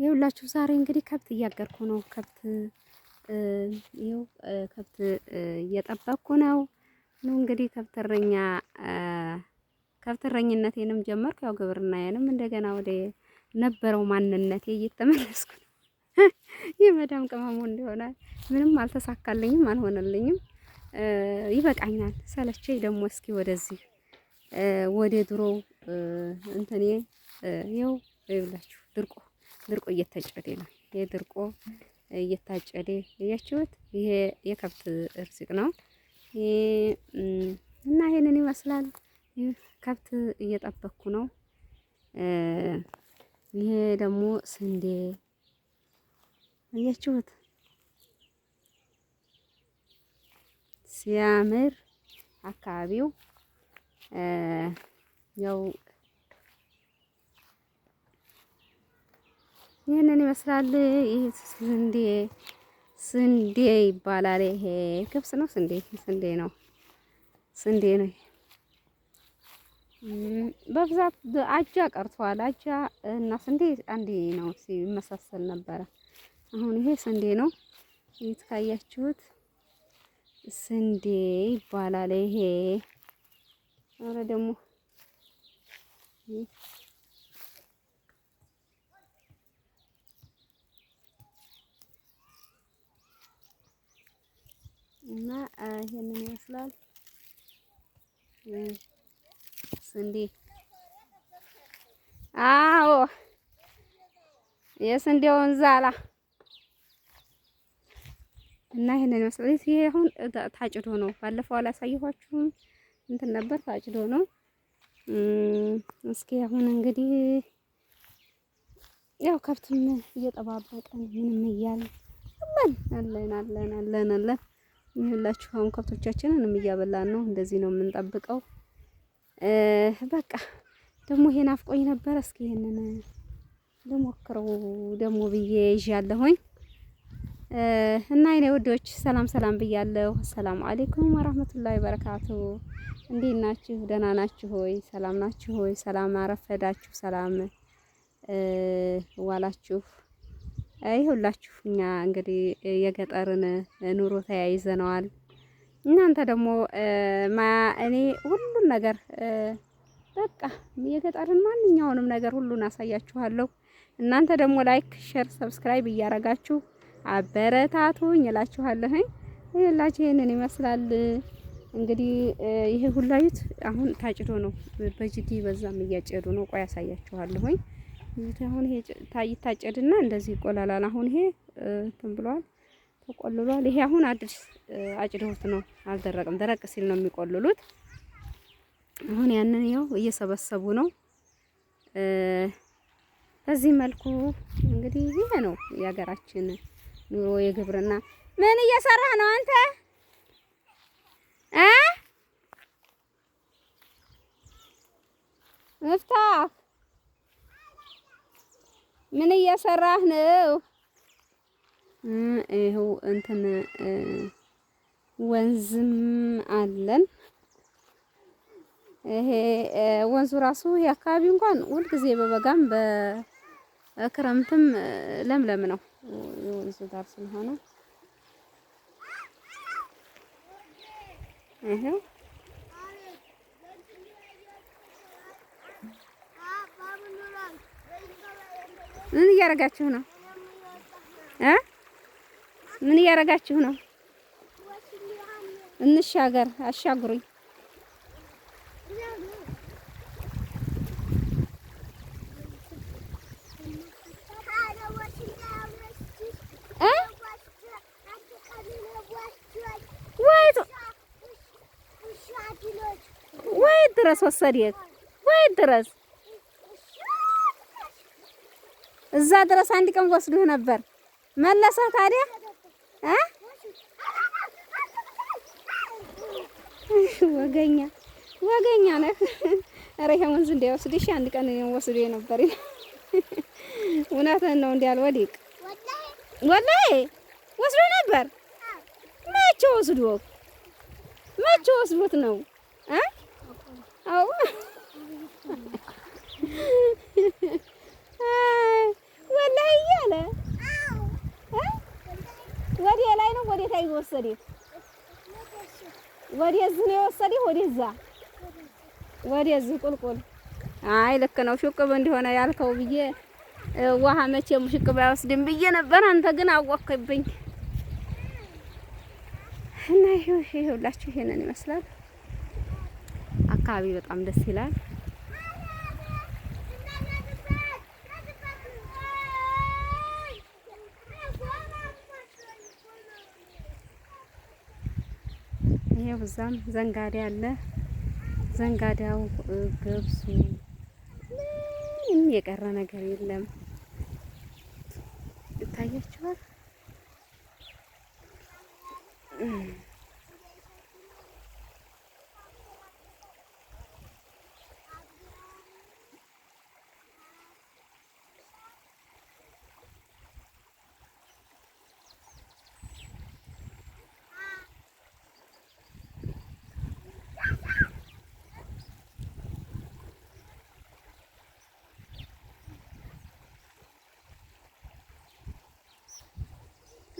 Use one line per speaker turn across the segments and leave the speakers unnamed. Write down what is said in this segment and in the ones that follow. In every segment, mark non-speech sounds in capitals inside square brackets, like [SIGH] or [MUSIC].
ይኸውላችሁ ዛሬ እንግዲህ ከብት እያገርኩ ነው። ከብት ይኸው ከብት እየጠበቅኩ ነው ነው እንግዲህ ከብትረኛ ከብትረኝነቴንም ጀመርኩ። ያው ግብርናዬንም እንደገና ወደ ነበረው ማንነቴ እየተመለስኩ ነው። [LAUGHS] መዳም ቅመሙ እንደሆነ ምንም አልተሳካልኝም፣ አልሆነልኝም። ይበቃኛል፣ ሰለቼ ደግሞ እስኪ ወደዚህ ወደ ድሮው እንትኔ ይኸው ይብላችሁ ድርቆ ድርቆ እየታጨደ ነው። ይሄ ድርቆ እየታጨደ እያችሁት፣ ይሄ የከብት እርዝቅ ነው እና ይሄንን ይመስላል። ከብት እየጠበኩ ነው። ይሄ ደግሞ ስንዴ እያችሁት ሲያምር አካባቢው ያው ይህንን ይመስላል። ስንዴ ስንዴ ይባላል። ይሄ ክብስ ነው። ስንዴ ስንዴ ነው። ስንዴ ነው። በብዛት አጃ ቀርቷል። አጃ እና ስንዴ አንዴ ነው ሲመሳሰል ነበረ። አሁን ይሄ ስንዴ ነው። ይትካያችሁት ስንዴ ይባላል። ይሄ አረ ደግሞ ይመስላል። ስንዴ አዎ፣ የስንዴውን ዛላ እና ይሄንን ይመስላል። ይሄ አሁን ታጭዶ ነው። ባለፈው አላሳየኋችሁም እንትን ነበር ታጭዶ ነው። እስኪ አሁን እንግዲህ ያው ከብትም እየጠባበቀን ምንም እያልን አለን አለን አለን አለን አለን ይኸውላችሁ አሁን ከብቶቻችንን እያበላን ነው። እንደዚህ ነው የምንጠብቀው። በቃ ደግሞ ይሄን አፍቆኝ ነበር። እስኪ ይሄንን ልሞክረው ደግሞ ብዬ ይዣለሁኝ እና የኔ ውዶች ሰላም ሰላም ብያለሁ። አሰላሙ አሌይኩም ወራህመቱላሂ ወበረካቱ። እንዴት ናችሁ? ደህና ናችሁ ሆይ? ሰላም ናችሁ ሆይ? ሰላም አረፈዳችሁ፣ ሰላም ዋላችሁ። ይሁላችሁ። እኛ እንግዲህ የገጠርን ኑሮ ተያይዘነዋል። እናንተ ደግሞ ማያ እኔ ሁሉን ነገር በቃ የገጠርን ማንኛውንም ነገር ሁሉን አሳያችኋለሁ። እናንተ ደግሞ ላይክ፣ ሼር፣ ሰብስክራይብ እያረጋችሁ አበረታቱኝ እላችኋለሁ ይኸውላችሁ ይሄንን ይመስላል እንግዲህ ይሄ ሁላዩት አሁን ታጭዶ ነው በጅዲ በዛም እያጨዱ ነው። ቆይ አሳያችኋለሁኝ። አሁን ይሄ ይታጨድና እንደዚህ ይቆላላል። አሁን ይሄ እንትን ብሏል ተቆልሏል። ይሄ አሁን አዲስ አጭደውት ነው አልደረቅም። ደረቅ ሲል ነው የሚቆልሉት። አሁን ያንን ያው እየሰበሰቡ ነው። በዚህ መልኩ እንግዲህ ይሄ ነው የሀገራችን ኑሮ የግብርና። ምን እየሰራህ ነው አንተ እ ምን እየሰራህ ነው? ይኸው እንትን ወንዝም አለን። ይሄ ወንዙ ራሱ የአካባቢ እንኳን ሁልጊዜ በበጋም በክረምትም ለምለም ነው። የወንዙ ዳር ስለሆነ ይሄው ምን እያረጋችሁ ነው እ ምን እያረጋችሁ ነው? እንሻገር፣ አሻግሩኝ። ወይ ድረስ ወሰድክ፣ ወይ ድረስ እዛ ድረስ አንድ ቀን ወስዱህ ነበር መለሰ ታዲያ እ ወገኛ ወገኛ ነህ። ኧረ ይሄ ወንዝ እንዳይወስድሽ አንድ ቀን ወስዶ ነበር። እውነትህን ነው። ወዲቅ ወላሂ ወስዶ ነበር። መቼ ወስዶ መቼ ወስዶት ነው? አዎ ትበላለህ እያለ ወደ ላይ ነው ወዴት አይወሰድህ? ወደዚህ ነው የወሰድህ? ወደዛ ወደዚህ ቁልቁል። አይ ልክ ነው ሽቅብ እንደሆነ ያልከው ብዬ ውሃ መቼም ሽቅብ አይወስድም ብዬ ነበር። አንተ ግን አወቅክብኝ። እና ይሄ ይሄ ሁላችሁ ይሄንን ይመስላል። አካባቢ በጣም ደስ ይላል። ይሄው እዛም ዘንጋዳ አለ። ዘንጋዳው፣ ገብሱ ምንም የቀረ ነገር የለም። ይታያችኋል።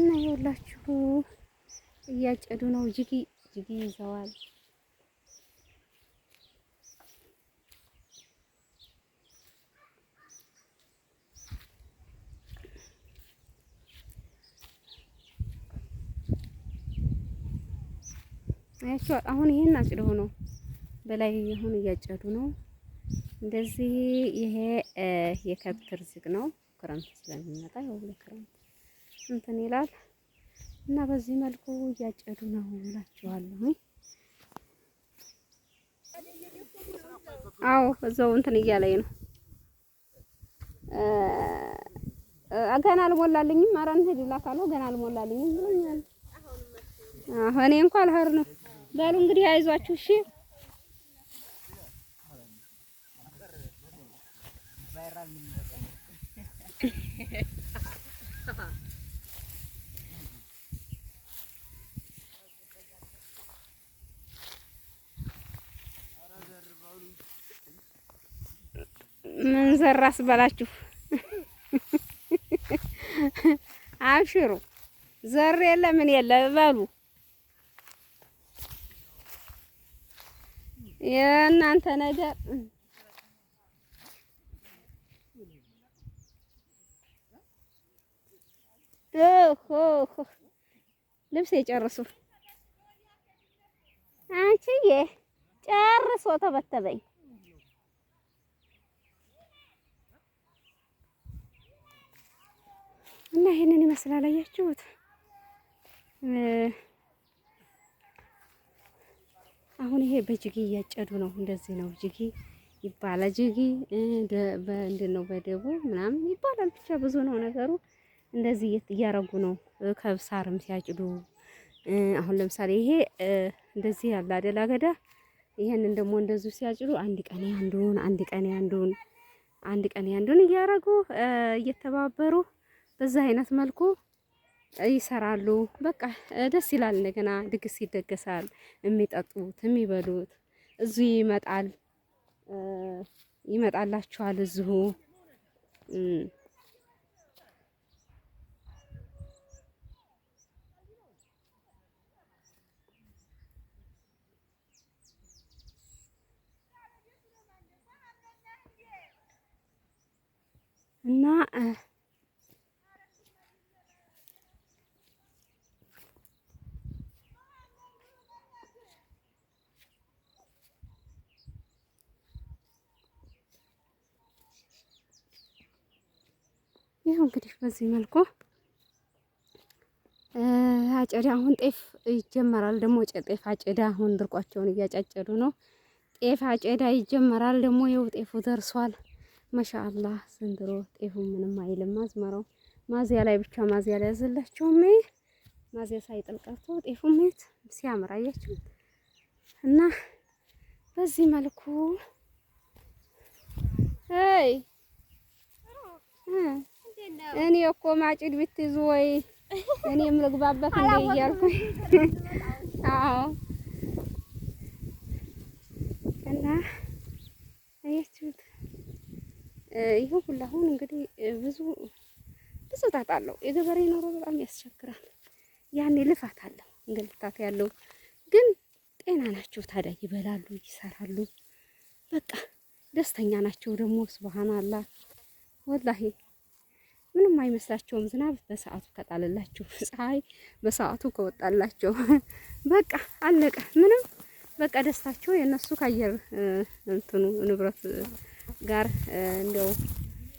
እና የሁላችሁ እያጨዱ ነው። ጅጊ ጅጊ ይዘዋል። አያችሁ አሁን ይሄን አጭደው ነው በላይ አሁን እያጨዱ ነው። እንደዚህ ይሄ የከብት ርዝቅ ነው። ክረምት ስለሚመጣ ያው ለክረምት እንትን ይላል እና በዚህ መልኩ እያጨዱ ነው እላችኋለሁ። አዎ እዛው እንትን እያለኝ ነው። ገና አልሞላልኝም። ኧረ እንሂድ ብላ ገና አልሞላልኝም ብሎኛል። አሁን እኔ እንኳን አልሄድ ነው። በሉ እንግዲህ አይዟችሁ፣ እሺ ምን ዘራስ በላችሁ? አብሽሩ። ዘር የለ ምን የለ በሉ። የእናንተ ነገር ልብስ የጨርሱ አንቺዬ ጨርሶ ተበተበኝ። እና ይሄንን ይመስላል። አያችሁት? አሁን ይሄ በጅጊ እያጨዱ ነው። እንደዚህ ነው ጅጊ ይባላል። ጅጊ ምንድን ነው በደቡ ምናምን ይባላል። ብቻ ብዙ ነው ነገሩ። እንደዚህ እያረጉ ነው። ከብሳርም ሲያጭዱ አሁን ለምሳሌ ይሄ እንደዚህ ያለ አደላ ገዳ ይሄንን ደግሞ እንደዚሁ ሲያጭዱ አንድ ቀን ያንዱን አንድ ቀን ያንዱን አንድ ቀን ያንዱን እያረጉ እየተባበሩ በዛ አይነት መልኩ ይሰራሉ። በቃ ደስ ይላል። እንደገና ድግስ ይደገሳል። የሚጠጡት የሚበሉት እዙ ይመጣል ይመጣላችኋል እዚሁ እና ይኸው እንግዲህ በዚህ መልኩ አጨዳ አሁን ጤፍ ይጀመራል። ደግሞ ጤፍ አጨዳ አሁን ድርቋቸውን እያጫጨዱ ነው። ጤፍ አጨዳ ይጀመራል። ደግሞ ይኸው ጤፉ ደርሷል። ማሻአላህ ዘንድሮ ጤፉ ምንም አይልም። አዝመራው ማዚያ ላይ ብቻ ማዚያ ላይ ያዘላቸውም ማዚያ ሳይጥል ቀርቶ ጤፉ ሜት ሲያምር አያችሁ። እና በዚህ መልኩ አይ እኔ እኮ ማጭድ ብትይዙ ወይ እኔ ልግባበት እንደ እያልኩኝ አዎ። እና አያችሁት ይህ ሁሉ አሁን እንግዲህ ብዙ ብዙ ታጣለው። የገበሬ ኑሮ በጣም ያስቸግራል። ያኔ ልፋት አለው እንግልታት ያለው ግን ጤና ናቸው። ታዲያ ይበላሉ፣ ይሰራሉ፣ በቃ ደስተኛ ናቸው። ደግሞ ስብሃን አላህ ወላሂ ምንም አይመስላቸውም። ዝናብ በሰዓቱ ከጣለላቸው፣ [LAUGHS] ፀሐይ በሰዓቱ ከወጣላቸው [LAUGHS] በቃ አለቀ። ምንም በቃ ደስታቸው የእነሱ ከአየር እንትኑ ንብረት ጋር እንደው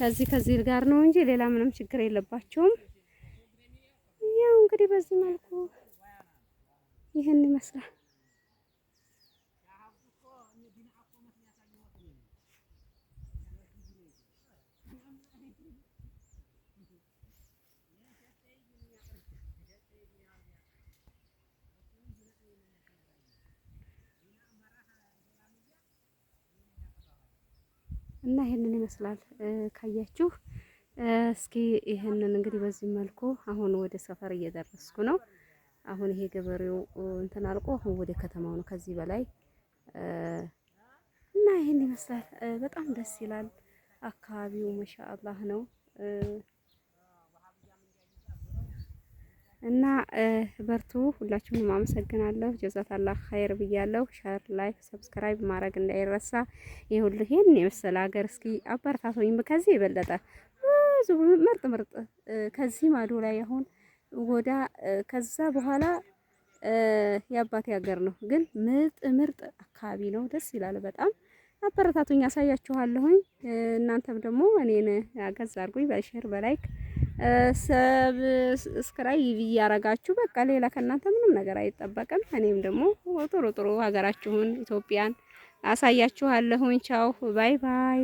ከዚህ ከዚህ ጋር ነው እንጂ ሌላ ምንም ችግር የለባቸውም። ያው እንግዲህ በዚህ መልኩ ይህን ይመስላል። እና ይሄንን ይመስላል ካያችሁ። እስኪ ይሄንን እንግዲህ በዚህ መልኩ አሁን ወደ ሰፈር እየደረስኩ ነው። አሁን ይሄ ገበሬው እንትን አልቆ አሁን ወደ ከተማው ነው ከዚህ በላይ እና ይሄን ይመስላል። በጣም ደስ ይላል አካባቢው መሻአላህ ነው። እና በርቱ። ሁላችሁንም አመሰግናለሁ። ጀዛት አላህ ኸይር ብያለሁ። ሸር፣ ላይክ፣ ሰብስክራይብ ማድረግ እንዳይረሳ። ይህ ሁሉ ይሄን የመሰለ ሀገር እስኪ አበረታቶኝ ከዚህ የበለጠ ብዙ ምርጥ ምርጥ ከዚህ ማዶ ላይ አሁን ወዳ ከዛ በኋላ የአባቴ ሀገር ነው፣ ግን ምርጥ ምርጥ አካባቢ ነው። ደስ ይላል በጣም አበረታቱኝ፣ አሳያችኋለሁኝ። እናንተም ደግሞ እኔን አገዝ አድርጉኝ በሼር በላይክ ሰብስክራይብ እያረጋችሁ በቃ ሌላ ከእናንተ ምንም ነገር አይጠበቅም። እኔም ደግሞ ጥሩ ጥሩ ሀገራችሁን ኢትዮጵያን አሳያችኋለሁኝ። ቻው ባይ ባይ።